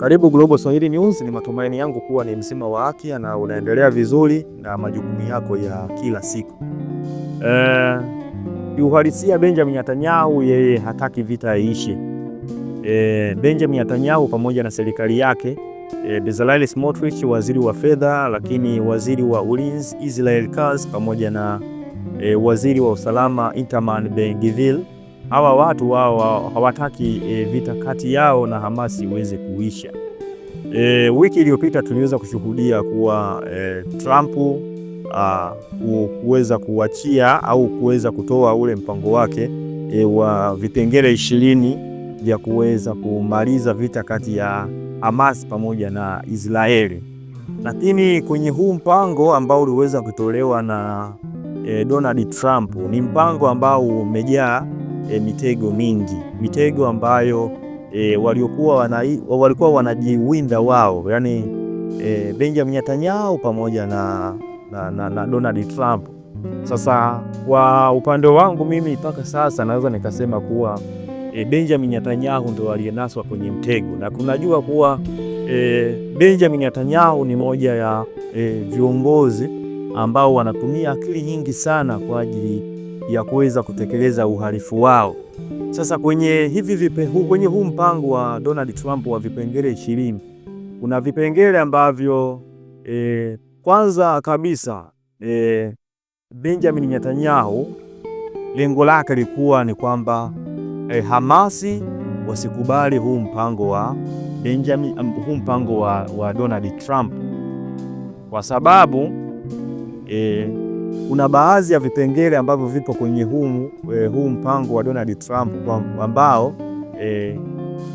Karibu Global Swahili News, ni matumaini yangu kuwa ni mzima wa afya na unaendelea vizuri na majukumu yako ya kila siku. Eh, kiuhalisia Benjamin Netanyahu yeye hataki vita iishe. Uh, Benjamin Netanyahu pamoja na serikali yake e, Bezalel Smotrich waziri wa fedha, lakini waziri wa ulinzi Israel Katz pamoja na e, waziri wa usalama Itamar Ben-Gvir hawa watu wao hawataki e, vita kati yao na Hamasi iweze kuisha. E, wiki iliyopita tuliweza kushuhudia kuwa e, Trump kuweza kuachia au kuweza kutoa ule mpango wake e, wa vipengele ishirini vya kuweza kumaliza vita kati ya Hamas pamoja na Israeli, lakini kwenye huu mpango ambao uliweza kutolewa na e, Donald Trump ni mpango ambao umejaa e, mitego mingi, mitego ambayo e, waliokuwa wana, walikuwa wanajiwinda wao, yani e, eh, Benjamin Netanyahu pamoja na, na, na, na Donald Trump. Sasa kwa upande wangu mimi mpaka sasa naweza nikasema kuwa e, Benjamin Netanyahu ndo aliyenaswa kwenye mtego, na kunajua kuwa e, Benjamin Netanyahu ni moja ya e, viongozi ambao wanatumia akili nyingi sana kwa ajili ya kuweza kutekeleza uhalifu wao. Sasa kwenye hivi vipe, kwenye huu mpango wa Donald Trump wa vipengele ishirini kuna vipengele ambavyo e, kwanza kabisa e, Benjamin Netanyahu lengo lake lilikuwa ni kwamba e, Hamasi wasikubali huu mpango wa Benjamin, um, huu mpango wa, wa Donald Trump kwa sababu e, kuna baadhi ya vipengele ambavyo vipo kwenye huu, e, huu mpango wa Donald Trump ambao e,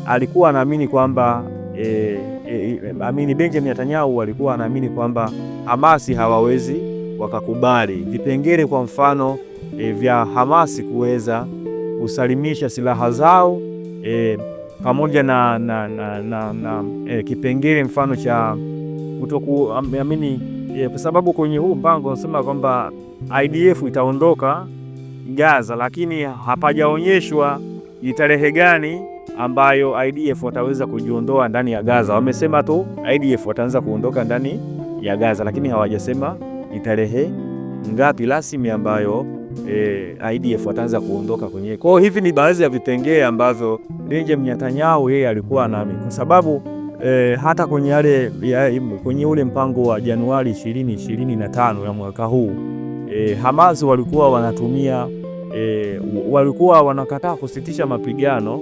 alikuwa anaamini kwamba e, e, amini Benjamin Netanyahu alikuwa anaamini kwamba Hamasi hawawezi wakakubali vipengele, kwa mfano e, vya Hamasi kuweza kusalimisha silaha zao e, pamoja na, na, na, na, na e, kipengele mfano cha amini yeah, kwa sababu kwenye huu mpango unasema kwamba IDF itaondoka Gaza, lakini hapajaonyeshwa ni tarehe gani ambayo IDF wataweza kujiondoa ndani ya Gaza. Wamesema tu IDF wataanza kuondoka ndani ya Gaza, lakini hawajasema ni tarehe ngapi rasmi ambayo e, eh, IDF wataanza kuondoka kwenye. Kwa hivi ni baadhi ya vitengee ambavyo Benjamin Netanyahu yeye alikuwa nami kwa sababu e, hata kwenye yale kwenye ule mpango wa Januari ishirini ya mwaka huu e, Hamas walikuwa wanatumia e, walikuwa wanakataa kusitisha mapigano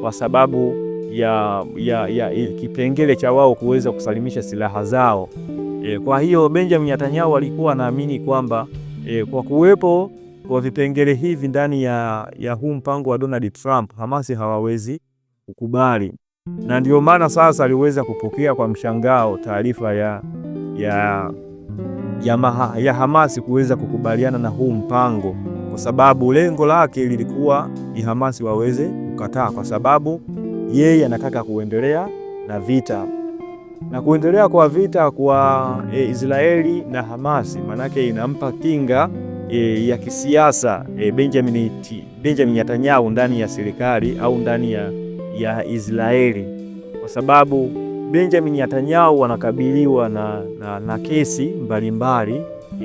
kwa sababu ya, ya, ya, ya kipengele cha wao kuweza kusalimisha silaha zao. E, kwa hiyo Benjamin Netanyahu alikuwa anaamini kwamba e, kwa kuwepo kwa vipengele hivi ndani ya, ya huu mpango wa Donald Trump Hamasi hawawezi kukubali na ndio maana sasa aliweza kupokea kwa mshangao taarifa ya, ya, ya, maha, ya Hamasi kuweza kukubaliana na huu mpango, kwa sababu lengo lake lilikuwa ni Hamasi waweze kukataa, kwa sababu yeye anataka kuendelea na vita na kuendelea kwa vita kwa e, Israeli na Hamasi, manake inampa kinga e, ya kisiasa e, Benjamin Netanyahu ndani ya serikali au ndani ya ya Israeli, kwa sababu Benjamin Netanyahu wanakabiliwa na, na, na kesi mbalimbali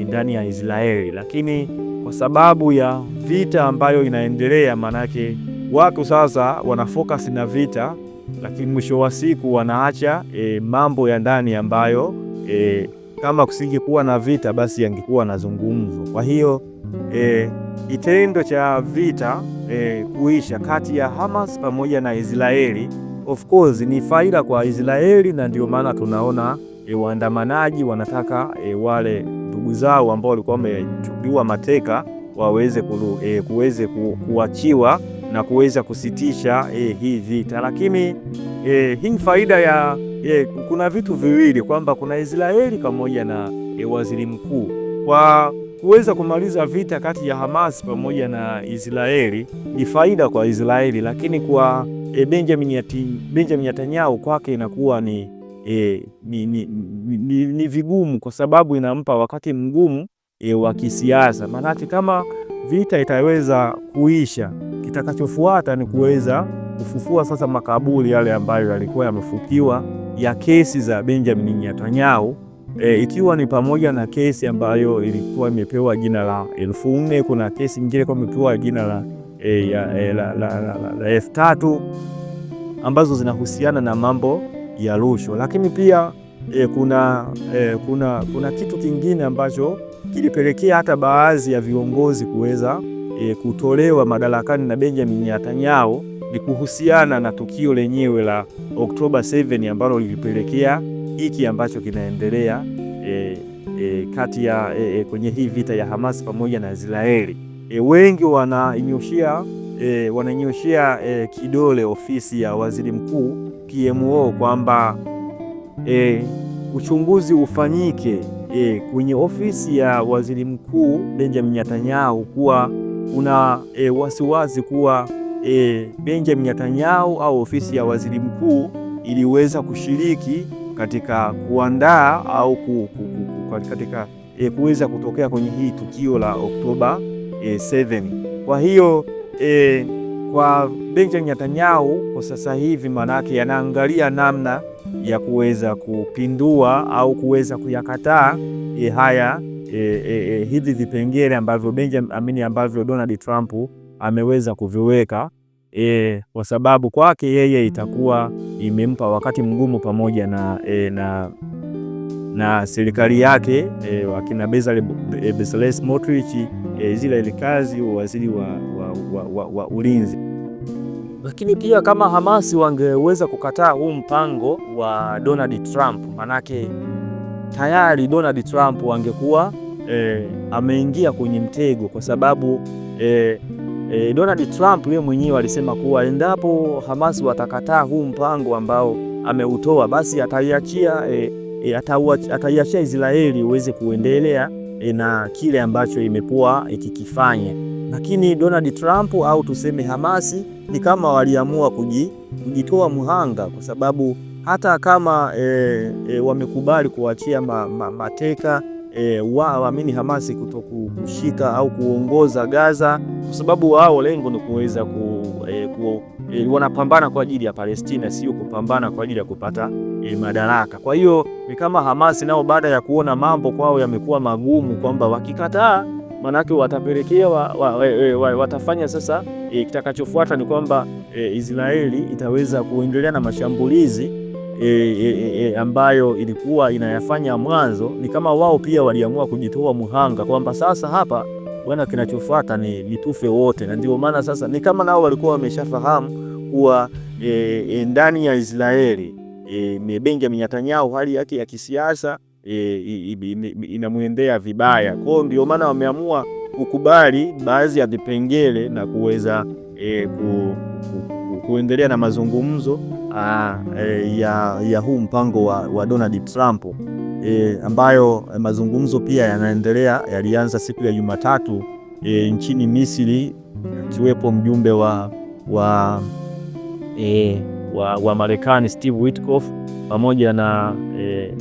ndani ya Israeli, lakini kwa sababu ya vita ambayo inaendelea, maanake watu sasa wana focus na vita, lakini mwisho wa siku wanaacha e, mambo ya ndani ambayo e, kama kusingekuwa na vita basi yangekuwa na zungumzo. Kwa hiyo e, kitendo cha vita e, kuisha kati ya Hamas pamoja na Israeli of course ni faida kwa Israeli, na ndio maana tunaona e, waandamanaji wanataka e, wale ndugu zao ambao walikuwa wamechukuliwa mateka waweze kuru, e, kuweze ku, kuachiwa na kuweza kusitisha e, hii vita, lakini e, hii faida ya e, kuna vitu viwili kwamba kuna Israeli pamoja na e, waziri mkuu kwa kuweza kumaliza vita kati ya Hamas pamoja na Israeli ni faida kwa Israeli, lakini kwa e, Benjamin Netanyahu kwake inakuwa ni, e, ni, ni, ni, ni, ni vigumu kwa sababu inampa wakati mgumu e, wa kisiasa. Maanake kama vita itaweza kuisha, kitakachofuata ni kuweza kufufua sasa makaburi yale ambayo yalikuwa yamefukiwa ya kesi za Benjamin Netanyahu. E, ikiwa ni pamoja na kesi ambayo ilikuwa imepewa jina la elfu nne kuna kesi nyingine kwa imepewa jina la e, e, la elfu tatu ambazo zinahusiana na mambo ya rushwa, lakini pia e, kuna, e, kuna, kuna kitu kingine ambacho kilipelekea hata baadhi ya viongozi kuweza e, kutolewa madarakani na Benjamin Netanyahu ni kuhusiana na tukio lenyewe la Oktoba 7 ambalo lilipelekea hiki ambacho kinaendelea e, e, kati ya e, e, kwenye hii vita ya Hamas pamoja na Israeli. E, wengi wananyoshia e, wananyoshia e, kidole ofisi ya waziri mkuu PMO kwamba e, uchunguzi ufanyike e, kwenye ofisi ya waziri mkuu Benjamin Netanyahu kuwa kuna e, wasiwasi kuwa e, Benjamin Netanyahu au ofisi ya waziri mkuu iliweza kushiriki katika kuandaa au ku, ku, ku, ku, katika e, kuweza kutokea kwenye hii tukio la Oktoba e, 7. Kwa hiyo e, kwa Benjamin Netanyahu kwa sasa hivi manake anaangalia namna ya kuweza kupindua au kuweza kuyakataa e, haya e, e, e hivi vipengele ambavyo Benjamin ambavyo Donald Trump ameweza kuviweka e, kwa sababu kwake yeye itakuwa imempa wakati mgumu pamoja na, e, na, na serikali yake e, wakina Bezalel Smotrich e, e, zile ile kazi waziri wa, wa, wa, wa, wa ulinzi lakini pia kama Hamasi wangeweza kukataa huu mpango wa Donald Trump, manake tayari Donald Trump wangekuwa e, ameingia kwenye mtego kwa sababu e, E, Donald Trump yeye mwenyewe alisema kuwa endapo Hamas watakataa huu mpango ambao ameutoa basi ataiachia e, e, ataiachia Israeli uweze kuendelea e, na kile ambacho imekuwa ikikifanya. Lakini Donald Trump au tuseme Hamasi ni kama waliamua kuji, kujitoa mhanga kwa sababu hata kama e, e, wamekubali kuachia ma, ma, mateka e, wao amini Hamasi kushika au kuongoza Gaza kwa sababu wao lengo ni kuweza ku, e, ku e, wanapambana kwa ajili ya Palestina, sio kupambana kwa ajili ya kupata e, madaraka. Kwa hiyo ni kama Hamasi nao baada ya kuona mambo kwao yamekuwa magumu, kwamba wakikataa manake watapelekea wa, wa, wa, e, e, wa, watafanya sasa e, kitakachofuata ni kwamba e, Israeli itaweza kuendelea na mashambulizi E e, e, e, ambayo ilikuwa inayafanya mwanzo, ni kama wao pia waliamua kujitoa muhanga kwamba sasa hapa bwana, kinachofuata ni, ni tufe wote, na ndio maana sasa ni kama nao walikuwa wameshafahamu kuwa e, e, ndani ya Israeli e, Benjamin Netanyahu hali yake ya kisiasa E, inamwendea vibaya hiyo ndio maana wameamua kukubali baadhi ya vipengele na kuweza e, ku, ku, kuendelea na mazungumzo aa, ah. e, eh, ya, ya huu mpango wa, wa Donald Trump e, ambayo eh, mazungumzo pia yanaendelea, yalianza siku ya Jumatatu e, nchini Misri, akiwepo mjumbe wa, wa, e, wa, wa Marekani Steve Witkoff pamoja na e,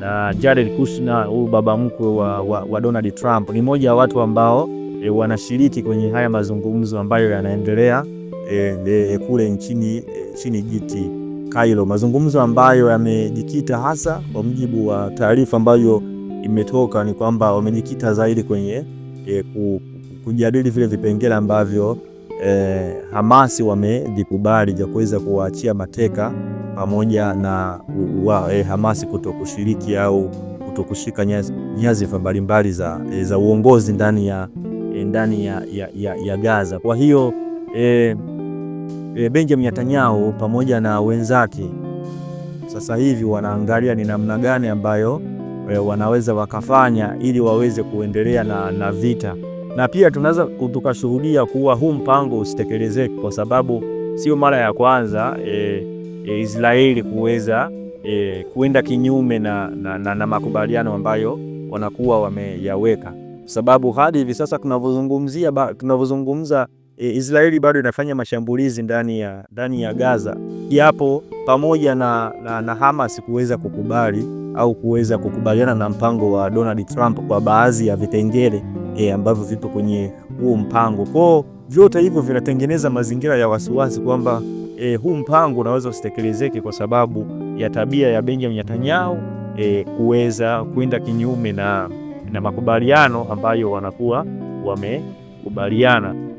na Jared Kushner, huyu baba mkwe wa, wa, wa Donald Trump. Ni mmoja wa watu ambao e, wanashiriki kwenye haya mazungumzo ambayo yanaendelea e, e, kule nchini e, chini jiti Kairo, mazungumzo ambayo yamejikita hasa, kwa mjibu wa taarifa ambayo imetoka, ni kwamba wamejikita zaidi kwenye e, kujadili vile vipengele ambavyo e, Hamasi wamevikubali vya kuweza kuwaachia mateka pamoja na wa, e, Hamasi kutokushiriki au kutokushika nyazifa nyazi mbalimbali za, e, za uongozi ndani ya ndani ya, ya, ya, ya Gaza. Kwa hiyo e, e, Benjamin Netanyahu pamoja na wenzake sasa hivi wanaangalia ni namna gani ambayo e, wanaweza wakafanya ili waweze kuendelea na, na vita na pia tunaweza tukashuhudia kuwa huu mpango usitekelezeke, kwa sababu sio mara ya kwanza e, e, Israeli kuweza e, kuenda kinyume na, na, na, na makubaliano ambayo wanakuwa wameyaweka sababu hadi hivi sasa tunavyozungumzia tunavyozungumza e, Israeli bado inafanya mashambulizi ndani ya, ndani ya Gaza japo pamoja na, na, na Hamas kuweza kukubali au kuweza kukubaliana na mpango wa Donald Trump kwa baadhi ya vipengele e, ambavyo vipo kwenye huu mpango. Kwa vyote hivyo vinatengeneza mazingira ya wasiwasi kwamba e, huu mpango unaweza usitekelezeke kwa sababu ya tabia ya Benjamin Netanyahu e, kuweza kuenda kinyume na na makubaliano ambayo wanakuwa wamekubaliana.